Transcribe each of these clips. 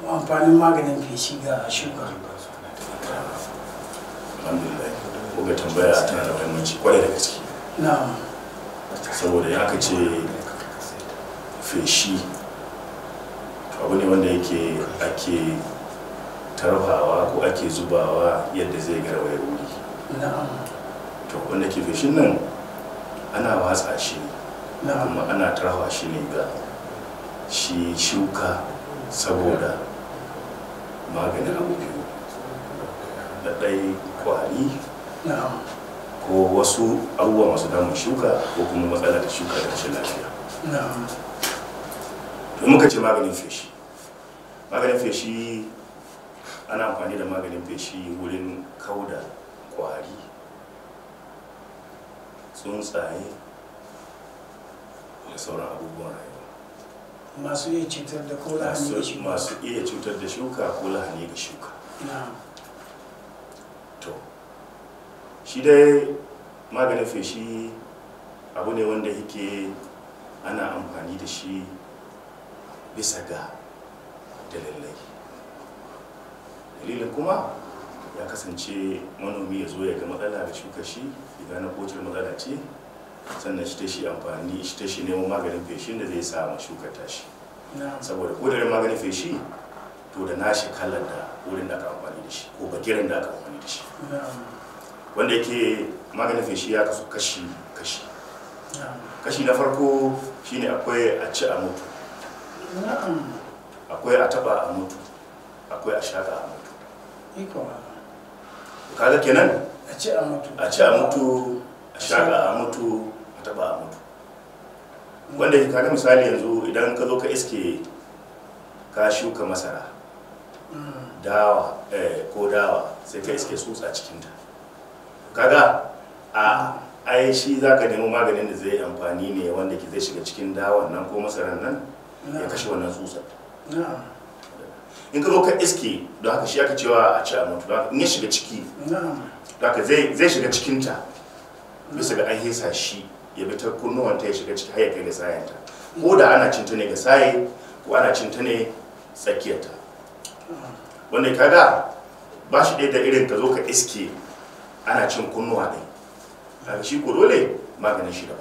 kuma amfanin maganin feshi ga shuka alhamdulillah kuka tambaya tana da mahimmanci kwarai da gaske na saboda ya kace ce feshi abu ne wanda yake ake tarhawa ko ake zubawa yadda zai garwaye wuri to wanda ke feshin nan ana watsa shi ne kuma ana tarfa shi ne ga shi shuka saboda maganin abu da ɗai kwari ko wasu abubuwa masu damun shuka ko kuma matsala da shuka da rashin lafiya to muka ce maganin feshi maganin feshi ana amfani da maganin feshi wurin da kwari tsuntsaye da sauran abubuwan rayu masu iya cutar da ko lahani ga shuka masu iya cutar da shuka ko lahani ga shuka to shi dai maganin feshi abu ne wanda yake ana amfani da shi bisa ga dalilai dalilin kuma ya kasance manomi ya zo ya ga matsala da shuka shi ya gane kocin matsala ce sannan shi ta shi amfani shi ta shi neman maganin feshin da zai sa ma shuka shi saboda ko da maganin feshi to da nashi kalar da wurin da aka amfani da shi ko bakirin da aka amfani da shi wanda yake maganin feshi ya kasu kashi kashi kashi na farko shine akwai a ci a mutu akwai a taba a mutu akwai a shaka a mutu kaga kenan a ci a mutu a shaka a mutu ta ba mutu wanda ka ga misali yanzu idan ka zo ka iske ka shuka masara dawa eh, ko dawa sai ka iske tsutsa cikinta kaga a ai shi za ka nemi maganin da zai amfani ne wanda ke zai shiga cikin dawan nan ko masaran nan ya kashe wannan tsutsa in ka zo ka iske don haka shi aka cewa a ci a mutu in ya shiga ciki don haka zai shiga cikinta bisa ga an hesa shi ya bi ta ta ya shiga cikin hayyakin da kai sayanta ko da ana cinta ne ga saye ko ana cinta ne tsakiyarta wanda kaga ba shi ɗaya da irin ka zo ka iske ana cin kunnuwa ne kaga shi ko dole maganin shi ba.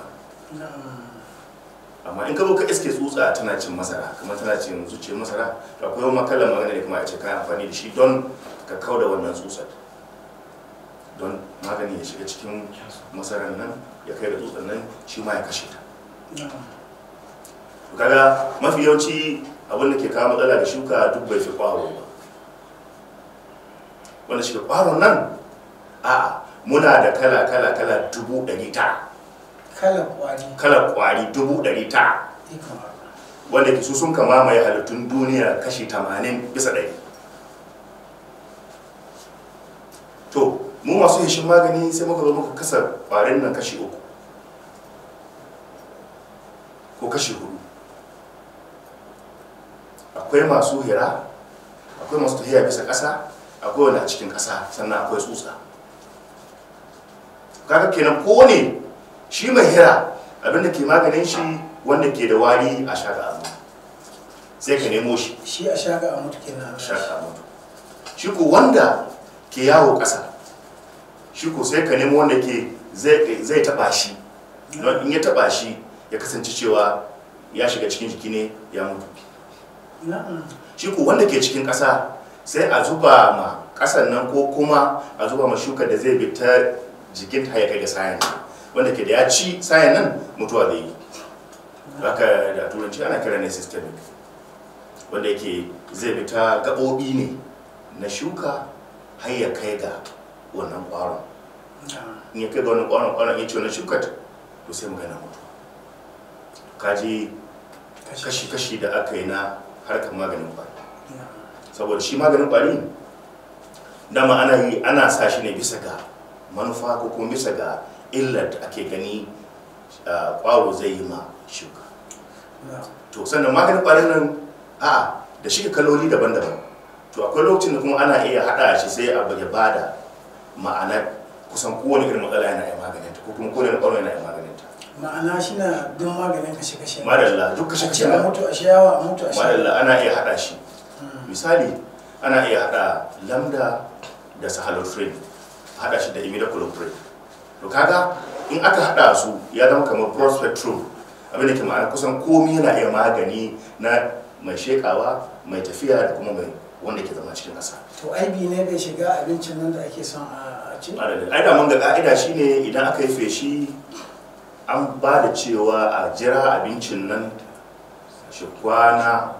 amma in ka zo ka iske tsutsa tana cin masara kuma tana cin zuciyar masara to akwai wani makalan magana ne kuma a ce ka amfani da shi don ka kauda wannan tsutsar don magani ya shiga cikin masarar nan ya kai da dutsen nan shi ma ya kashe ta kaga mafi yawanci abin da ke kawo matsala da shuka duk bai fi kwaro ba wanda shi kwaro nan a muna da kala kala kala dubu ɗari ta kala kwari kala kwari dubu ɗari ta wanda ke su sun kama mai halittun duniya kashi 80 bisa ɗari to mu masu yashin magani sai muka zo muka kasa kwarin nan kashi uku ko kashi hudu akwai masu hira akwai masu tafiya bisa ƙasa akwai wani a cikin ƙasa sannan akwai tsutsa kaga kenan ko ne shi mai hira abinda ke maganin shi wanda ke da wari a shaga amu sai ka nemo shi shi a shaga kenan a mutu shi ko wanda ke yawo ƙasa shi ko sai ka nemo wanda ke zai taba shi don in ya taba shi ya kasance cewa ya shiga cikin jiki ne ya mutu shi ko wanda ke cikin ƙasa sai a zuba ma ƙasan nan ko kuma a zuba ma shuka da zai bi ta jikin ta ya kai ga sayan wanda ke da ya ci sayan nan mutuwa da yi haka da turanci ana kira ne systemic wanda yake zai ta gaɓoɓi ne na shuka har ya kai ga wannan ƙwaron in ya kai ba wani ƙwaron ƙwaron ya ce wani shukat to sai mu gana mutu kaji kashi-kashi da aka yi na harkar maganin ƙwari saboda shi maganin ƙwari dama ana yi ana sa shi ne bisa ga manufa ko kuma bisa ga illar da ake gani ƙwaro zai yi ma shuka to sannan maganin kwari nan a da shi kaloli daban-daban to akwai lokacin da kuma ana iya haɗa shi sai a bada ma'ana kusan kowane irin matsala yana iya maganin ta ko kuma kowane matsala yana iya maganin ta ma'ana shi na don maganin kashe kashe madalla duk kashe kashe a mutu a shayawa a mutu a shayawa madalla ana iya hada shi hmm. misali ana iya hada lambda da sahalofrin hada shi da imidacloprid to kaga in aka hada su ya zama kamar prospectrum abin da ke ma'ana kusan komi yana iya magani na mai shekawa mai tafiya da kuma mai wanda ke zama cikin ƙasa to aibi ne bai shiga abincin nan da ake son a a cikin adadin ai daman ga ka'ida shine idan aka yi feshi an ba da cewa a jira abincin nan shi kwana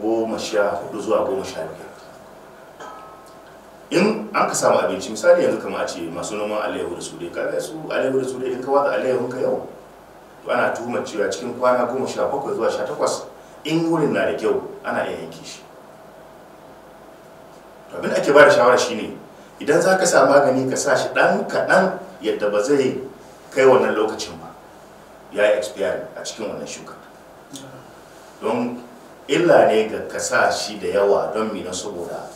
goma sha hudu zuwa goma sha biyar in an ka samu abinci misali yanzu kama a ce masu noman alayyahu da su dai kaga su alayyahu da su dai in ka watsa Alayyahu ka yau to ana tuhumar cewa cikin kwana goma sha bakwai zuwa sha takwas in wurin na da kyau ana iya yanke shi abin da ake ba da shawara shine idan za ka sa magani ka sa shi ɗan kaɗan yadda ba zai kai wannan lokacin ba ya yi expire a cikin wannan shuka don illa ne ga ka sa shi da yawa don mina saboda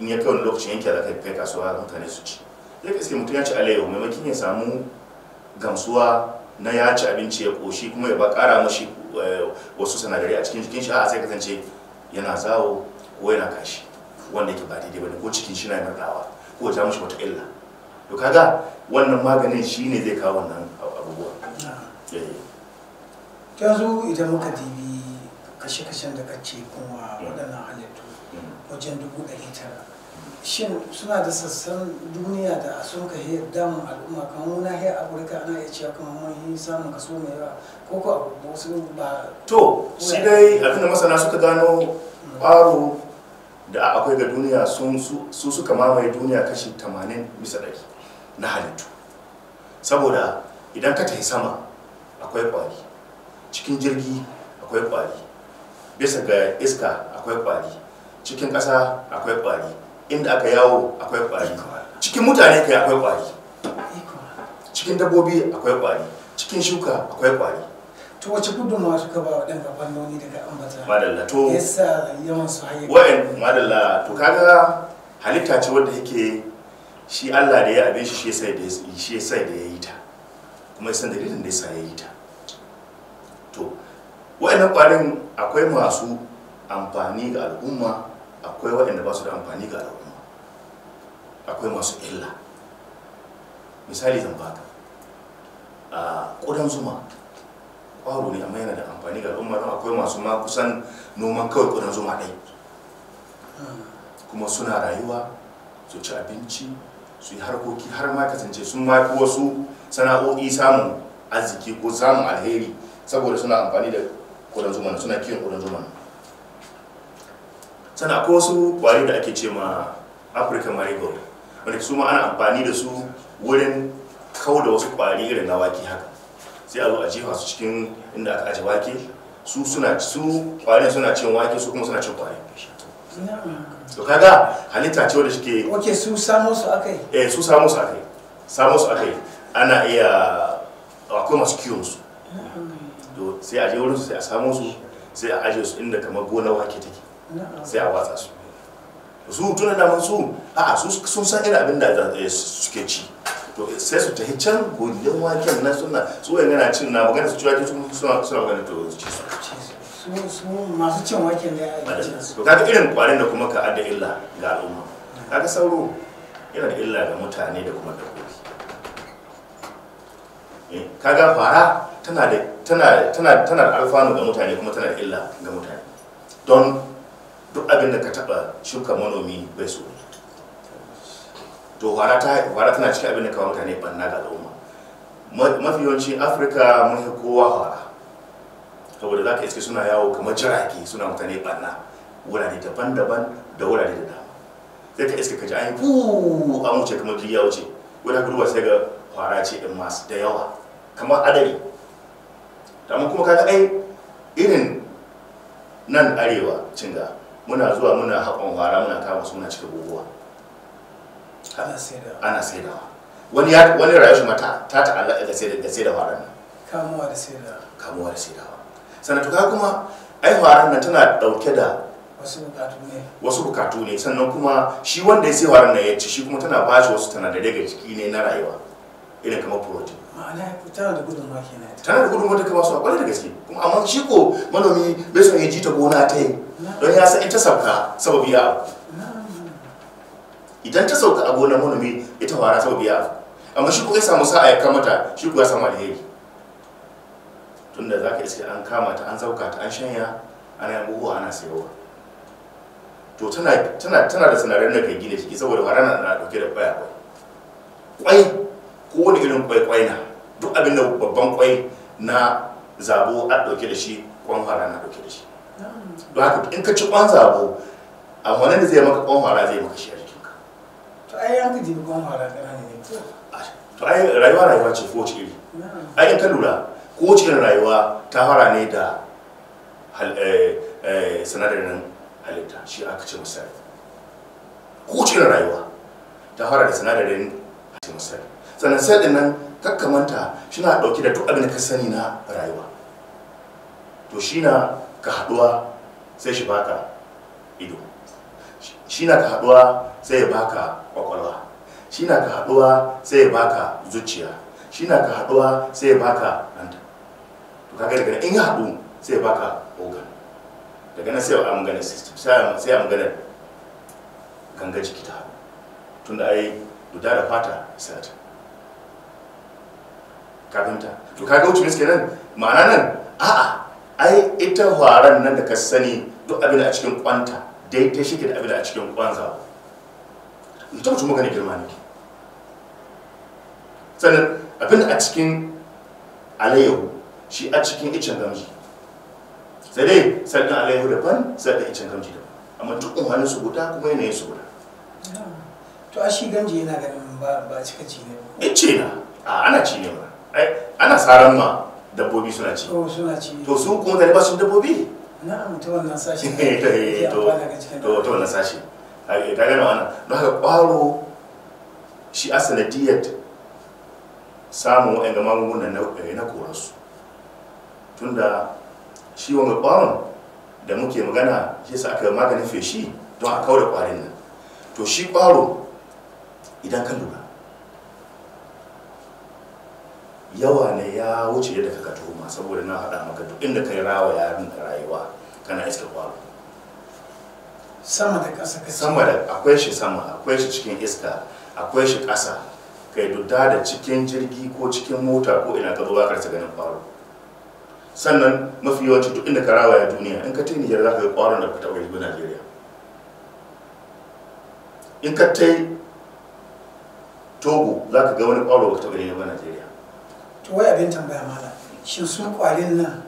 in ya kai wani lokacin yanke da kai kasuwa mutane su ci zai ka sai mutum ya ci alayyahu maimakon ya samu gamsuwa na ya ci abinci ya koshi kuma ya ba kara mashi eh, wasu sanadari a cikin jikin shi a sai kasance yana zawo ko yana kashi wanda yake ba daidai bane ko cikin shi na narkawa ko ja mishi wata illa to kaga wannan maganin shine zai kawo wannan abubuwa eh. yanzu idan muka dibi kashe-kashen da kace kuma mm. waɗannan halittu mm. wajen dubu ɗari tara shin suna da sassan duniya da sun ka yi damun al'umma kamar muna yi afirka ana iya cewa kamar mun yi samun kaso mai yawa ko ko abu ba to shi dai abinda masana suka gano ƙwaro mm. da akwai ga duniya su suka mamaye duniya kashi 80 bisa ɗari na halittu saboda idan ka tafi sama akwai kwari cikin jirgi akwai kwari bisa ga iska akwai kwari cikin ƙasa akwai kwari inda aka yawo akwai kwari cikin mutane kai akwai kwari cikin dabbobi akwai kwari cikin shuka akwai kwari to wace gudunmawa suka ba waɗanda fannoni daga ambata madalla to yasa yawan su haye wa'in madalla to kaga halitta ce wanda yake shi Allah da ya abe shi shi sai da shi ya sai da ya yi ta kuma san dalilin da yasa ya yi ta to wa'annan ƙwarin akwai masu amfani ga al'umma akwai waɗanda ba su da amfani ga al'umma akwai masu illa misali zan baka a ah, ƙudan zuma kwaro ne amma yana da amfani ga al'umma don akwai masu ma kusan noman kawai kudin zuma ɗai kuma suna rayuwa su ci abinci su yi harkoki har ma kasance sun ma fi wasu sana'o'i samun arziki ko samun alheri saboda suna amfani da kudin zuma suna kiyon kudin zuma sana ko wasu kwari da ake ce ma african marigold wanda su ma ana amfani da su wurin kau da wasu kwari irin na haka sai a zo a jefa su cikin inda aka aje wake su suna su kwarin suna cin wake su kuma suna cin kwarin to kaga halitta ce wanda shike wake su samo su akai eh su samo su akai samo su akai ana iya akwai masu kiwon su to sai a je wurin su sai a samo su sai a aje su inda kamar gona wake take sai a watsa su su tuna da su a'a su sun san irin abin da eh, suke ci to sai su tafi can gundun waken na suna su wani yana cin na magana su ci wake suna suna magana to su ci su masu cin waken ne a cikin su kaga irin kwarin da kuma ka adda illa ga al'umma kaga sauro yana da illa ga mutane da kuma dabbobi eh, kaga fara tana da tana tana tana da alfanu ga mutane kuma tana da illa ga mutane don duk abin da ka taba shuka manomi bai so to hara tana cikin abin da kawo mutane banna ga al'umma mafi yawanci afirka mun fi kowa hara saboda za ka iske suna yawo kamar jirage suna mutane banna wurare daban-daban da wurare da dama sai ka iske ka ji an yi buu an wuce kamar jirgi wuce wani haka sai ga kwara ce in masu da yawa kamar adari amma kuma kaga ai irin nan arewa cinga muna zuwa muna haƙon kwara muna kama suna cikin buguwa ana saidawa wani ya wani rayuwar shi ma ta ta ta'allaka da sai da sai da faran nan kamuwa da saidawa kamuwa da saidawa sannan to ka kuma ai faran nan tana dauke da wasu bukatu ne wasu bukatu ne sannan kuma shi wanda ya sai faran nan ya ci shi kuma tana bashi wasu tana da daga ciki ne na rayuwa irin kamar protein ma'ana tana da gudunmawa kenan tana da gudunmawa ta kama su a kwalli da gaske kuma amma shi ko manomi bai son ya ji ta gona ta yi don ya san ita sabka sababi ya abu idan ta sauka a gonar manomi ita fara sau biya amma shi kuma ya samu sa'a ya kamata shi kuma ya samu alheri tunda za ka iske an kama ta an sauka ta an shanya ana abubuwa ana sayarwa to tana tana da sinadaran da kai gina ciki saboda warana na dauke da kwaya kwai kwai ko wani irin kwai kwai na duk abin da babban kwai na zabo a dauke da shi kwan hara na dauke da shi don haka in ka ci kwan zabo a wani da zai maka kwan hara zai maka shi to ai an gaji kuma mara ƙanana ne to ai rayuwa rayuwa ce ko iri ai in ka lura ko cikin rayuwa ta fara ne da hal eh, eh, sinadarin halitta shi aka ce misali ko cikin rayuwa ta fara da sinadarin ce misali sannan sai din nan kakkamanta shi na ɗauke da duk abin da ka sani na rayuwa to shi na ka haɗuwa sai shi baka ido shi na ka haduwa sai ya baka kwakwalwa shi na ka haduwa sai ya baka zuciya shi na ka haduwa sai ya baka hanta to kaga daga in ya haɗu sai ya baka organ daga nan sai a magana sai a magana ganga jiki ta haɗu tunda ai guda da fata sai kafinta to kaga wuce miske nan ma'ana nan a'a ai ita hwaran nan da ka sani duk abin a cikin kwanta daidai shi ke da abin a cikin kwanza ta mutum magana girma ne sannan abin a cikin alayyahu shi a cikin icen gamji sai dai sannan alayyahu daban sannan icen gamji daban amma duk umarnin su guda kuma yanayin su guda to a shi gamji yana ganin ba cika ci ne ice na a ana ci ne ba ana saran ma dabbobi suna ci oh, to su kuma zai ba su dabbobi na'am ta wannan sashi ne ya yi to eh, ta wannan sashi eh, ka gane wannan don haka ƙwaro shi a samun waɗanda magungunan na eh, korarsu tunda shi wani ƙwaron da muke magana shi sa aka maganin feshi don a kawo da ƙwarin nan to shi ƙwaro idan ka lura yawa ne ya wuce yadda ka tuhuma saboda na haɗa maka duk inda yi rawa yarin da rayuwa kana iskar kwaro sama da ƙasa sama da akwai shi sama akwai shi cikin iska akwai shi ƙasa kai dudda da cikin jirgi ko cikin mota ko ina ka ba karsa ganin kwaro sannan mafi yawanci duk inda ka rawaya duniya in ka ta ni za ka yi kwaron da ka taɓa yi najeriya in ka ta togo za ka ga wani kwaro ka taɓa yi najeriya to wai abin tambaya mala shin sun kwalin nan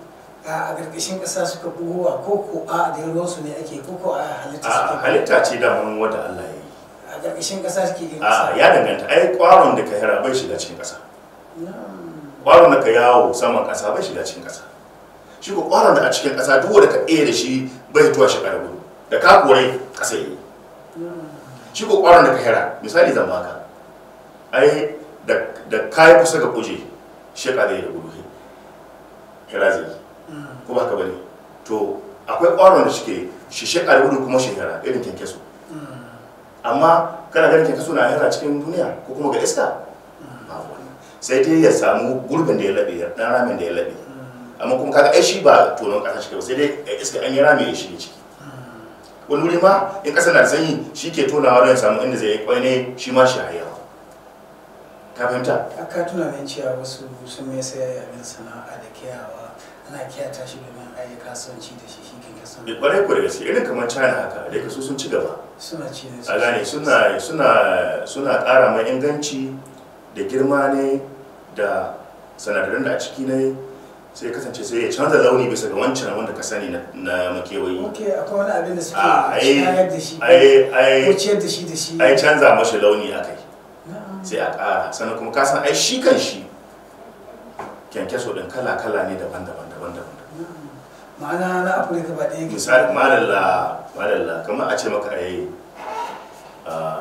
a gargashin ƙasa suka buhuwa ko ko a da su ne ake ko ko a halitta suke halitta ce da mun wanda Allah ya yi a gargashin ƙasa suke yin ƙasa ya danganta ai ƙwaron da ka hira bai shiga cikin ƙasa ƙwaron da ka yawo saman ƙasa bai shiga cikin ƙasa shi ko ƙwaron da a cikin ƙasa duk wanda ka ɗaya da shi bai hituwa shi ƙarfi da ka kore ƙasa yi shi ko ƙwaron da ka hira misali zan baka ai da kayi kusa ga kuje shi ƙare da gudu hira zai ko ba ka bane to akwai ƙwaron da suke shi shekara wudu kuma shekara irin kyankyaso amma kana ganin kyankyaso na hira cikin duniya ko kuma ga iska sai dai ya samu gurbin da ya laɓe ɗan ramin da ya laɓe amma kuma kaga ai shi ba tonon ƙasa shi ba sai dai iska an yi rami ya shige ciki wani wuri ma in ƙasa na sanyi shi ke tonawa don ya samu inda zai yi ƙwai ne shi ma shi hayawa ka fahimta ka tuna min cewa wasu sun mai sayar yayin sana'a da kiyawa ana kiyata shi domin a kasuwanci da shi shi ke da kwarai kwarai gaske irin kamar china haka da su sun ci gaba suna ci ne a gane suna suna suna ƙara mai inganci da girma ne da sanadaran da a ciki ne sai kasance sai ya canza launi bisa ga wancan wanda ka sani na makewayi ok akwai wani abin da suke ah, shayar da shi ko ciyar da shi da shi ai canza mashi launi a kai sai a ƙara sannan kuma ka ai shi kan shi kyankyaso ɗin kala-kala ne daban-daban daban-daban ma'ana na afirka ba ɗaya misali malalla malalla kamar a ce maka ayi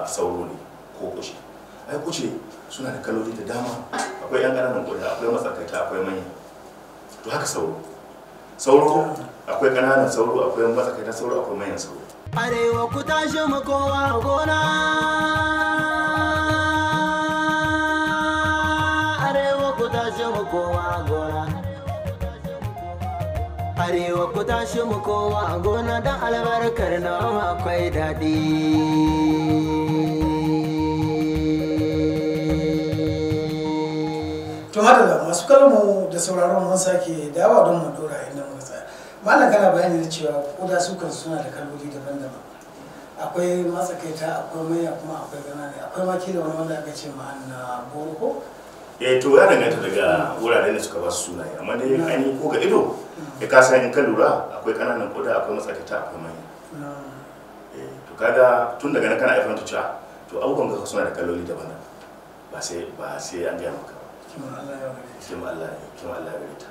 sauro ne ko kushe ai kushe suna da kaloli da dama akwai yan ƙananan kuda akwai matsakaita akwai manya to haka sauro sauro akwai ƙananan sauro akwai matsakaitan sauro akwai manyan sauro arewa ku tashi mu kowa gona tashi mu kowa a gona da albarkar nawa akwai daɗi. To masu kalmu da sauraron mun sake dawa don mu dora inda muka tsaya. Malam kana bayani da cewa koda sukan suna da kaloli daban-daban. Akwai matsakaita akwai manya kuma akwai ne, akwai maki da wani wanda aka ce ma'ana boko, eh to ya danganta daga wuraren da suka ba su sunaye amma dai ainihin ko ga ido ya mm. kasa in ka lura akwai kananan koda akwai matsakaita akwai manya mm. eh, to kaga tun daga nan kana aifan ta cewa to abubuwan ka suna da kaloli daban ba sai ba sai an gaya maka kima Allah ya kim Allah ya rita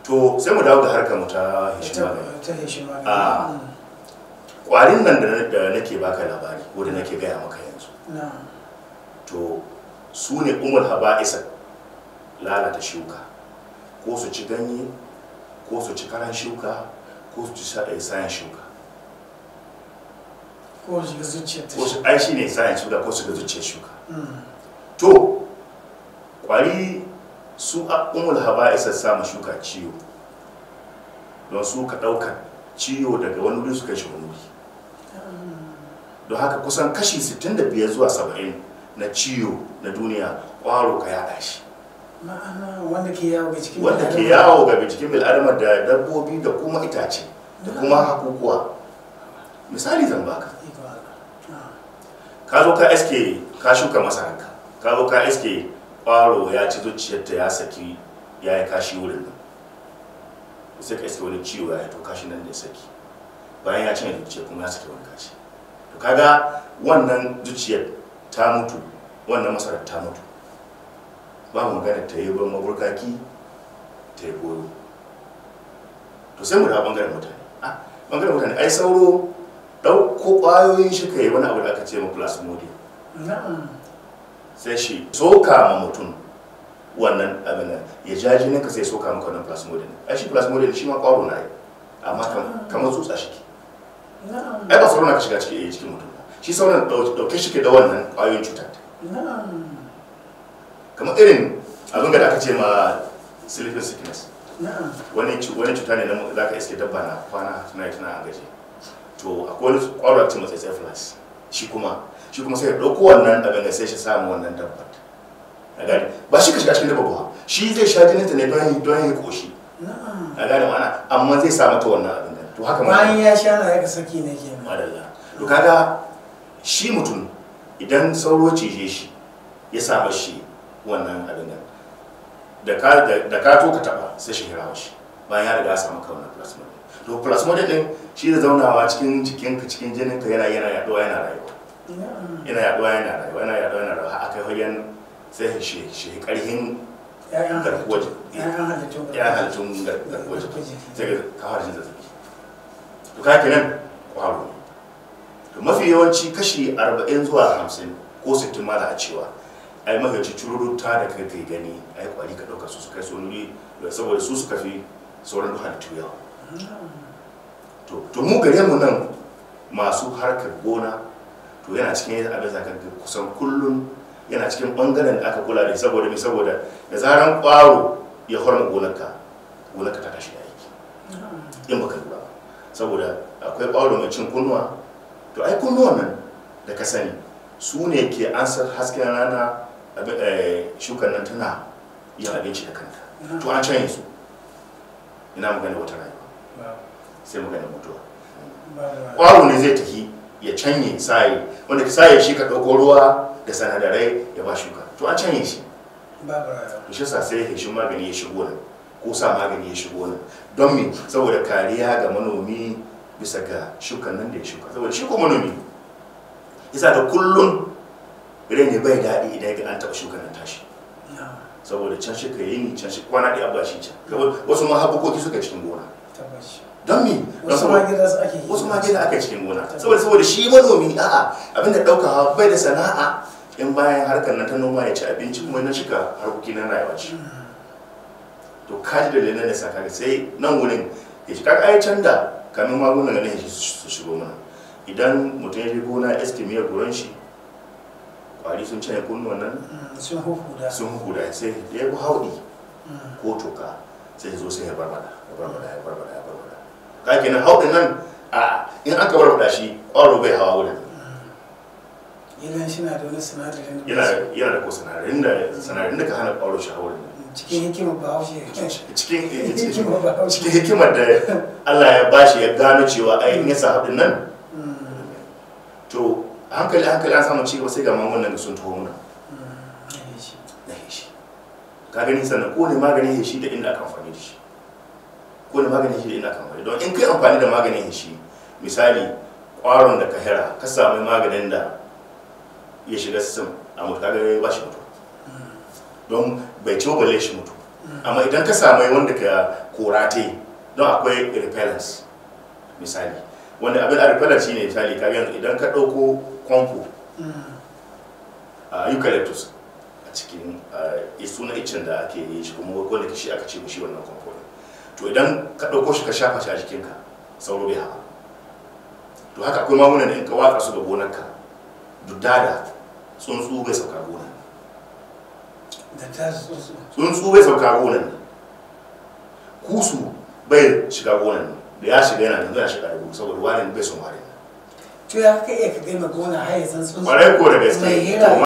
to sai mu dawo ga harkar mu ta hishima ta hishima a ah. mm. kwarin nan da nake baka labari ko da nake gaya maka yanzu to su ne umar haba'isa lalata shuka ko su ci ganye ko su ci karan shuka ko su ci eh, sayan shuka ko su ga zuciyar ta shuka ai shine sayan shuka ko su ga zuciyar shuka hmm. to kwari su a umul isa samun shuka ciwo don su ka ɗaukar ciwo daga wani wuri su kai shi wani wuri hmm. don haka kusan kashi 65 zuwa 70 na ciwo na duniya kwaro ka yaɗa shi wanda ke yawo ga cikin bil'adama da dabbobi da kuma itace da kuma hakukuwa misali zan baka ah. ka zo ka iske ka shuka masaranka ka zo ka iske kwaro ya ci zuciyarta ya saki ya yi kashi wurin nan sai ka iske wani ciwo ya to kashi nan da ya saki bayan ya cinye zuciyar kuma ya saki wani kashi to kaga wannan zuciyar ta mutu wannan masarar ta mutu ba mu magana ta yi ban maburkaki ta yi goyo to sai mu da bangaren mutane a bangaren mutane ai sauro ɗauko ƙwayoyin shi kai wani abu da aka ce ma plasmodium sai shi soka ma mutum wannan abin nan ya ja jinin ka sai soka maka wannan plasmodium ai shi plasmodium shi ma ƙwaro na yi amma ah. kamar tsutsa shi ke ai ba sauro na ka shiga eh, cikin jikin mutum shi sauran ɗauke shi ke da wannan ƙwayoyin cuta kamar irin abin da aka ce ma sleeping sickness wani cuta ne da za ka iske dabba na kwana tana tana gaji to akwai wani ƙwarar cin matsayi sai flas shi kuma shi kuma sai ya ɗauko wannan abin da sai shi samu wannan dabba a gani ba shi ka shiga cikin dabba ba shi zai sha jinin ta ne don yi don yi koshi a gane ma'ana amma zai samu ta wannan abin da to haka bayan ya sha na yaka saki ne ke madalla to kaga shi mutum idan sauro cije shi ya saba shi wannan abin nan da ka to ka taba sai shi hira shi bayan ya riga samu kauna plasmodium to plasmodium din shi da zaunawa cikin jikinka cikin jininka yana yana yaduwa yana rayuwa yana yaduwa yana rayuwa yana yaduwa yana rayuwa akai hoyan sai shi shi karhin garkuwar ya halittun garkuwar sai ka kawar jin zazzabi to ka kenan kwaro to mafi yawanci kashi 40 zuwa 50 ko 60 ma da a cewa ai magaci cururuta da kai kai gani ai kwari ka dauka su su kai su wani saboda su su kafi sauran duhan tuya to to mu gare mu nan masu harkar gona to yana cikin yadda abin zaka kusan kullum yana cikin bangaren da aka kula da saboda me saboda da zaran kwaro ya horma gonarka gonarka ta tashi da aiki in baka lura saboda akwai kwaro mai cin kunnuwa to ai kunnuwan nan da ka sani su ne ke ansar hasken rana Eh, shukar nan tana yin abinci da kanta to an can yanzu ina magana wata rayuwa sai magana mutuwa ƙwaro ne zai tafi ya canye sayi wanda ka saye shi ka ɗauko ruwa da sanadarai ya ba shuka to an canye shi to shi sai ya shi magani ya shigo nan ko sa magani ya shigo nan don me saboda kariya ga manomi bisa ga shukan nan da ya shuka saboda shi ko manomi isa da kullum rai ne bai daɗi idan ya an taɓa shukan tashi saboda can shi ka yi ni, can shi kwana ɗaya ba shi can wasu ma koki suka cikin gona don mi wasu ma gida aka cikin gona saboda saboda shi manomi a'a abinda ɗaukawa bai da sana'a in bayan harkar na ta noma ya ci abinci kuma na shiga harkoki na rayuwa ci. Hmm. to kaji da lena da saka sai nan wurin ya shi kaga can da kamin magunan ganin su shigo mana idan mutum ya je gona estimiyar guran shi kwari sun cire kunnuwan nan ah, sun hukuda sun hukuda sai ya yi ko toka sai ya zo sai ya barbada ya barbada ya barbada ya barbada ka kenan hauɗin nan a in aka barbada shi kwaro bai hawa wurin ah, idan shi na da wani sinadarin da yana da ko sinadarin da sinadarin da ka hana kwaro shi hawa wurin cikin eh, hikimar bahaushe cikin hikimar da Allah ya bashi ya gano cewa ai in ya sa haɗin nan hmm. to hankali hankali an samu cigaba sai ga magungunan da sun taho muna na heshi ka gani sannan ko ne maganin heshi da inda aka amfani da shi ko ne maganin heshi da inda aka amfani don in kai amfani da maganin heshi misali kwaron da ka ka samu maganin da ya shiga sistem a mutu kaga ya ba shi mutu don bai ciwo balle shi mutu amma idan ka samu wanda ka korate don akwai repellence misali wanda abin a repellence shine misali ka yanzu idan ka ɗauko kwanko a ah. ah, eucalyptus a cikin ah, suna iccen da ake yi shi kuma wanda shi aka ce mushi wannan kwanko to idan ka ɗauko shi ka shafa shi a jikinka sauro bai hawa to haka akwai magunan da in ka watsa su ga gonarka dudda da tsuntsu bai sauka gona tsuntsu bai sauka gonan kusu bai shiga gonan da ya shiga yana da ya shiga da saboda wani bai son wani to ya ka iya ka girma gona har ya san sun mai hira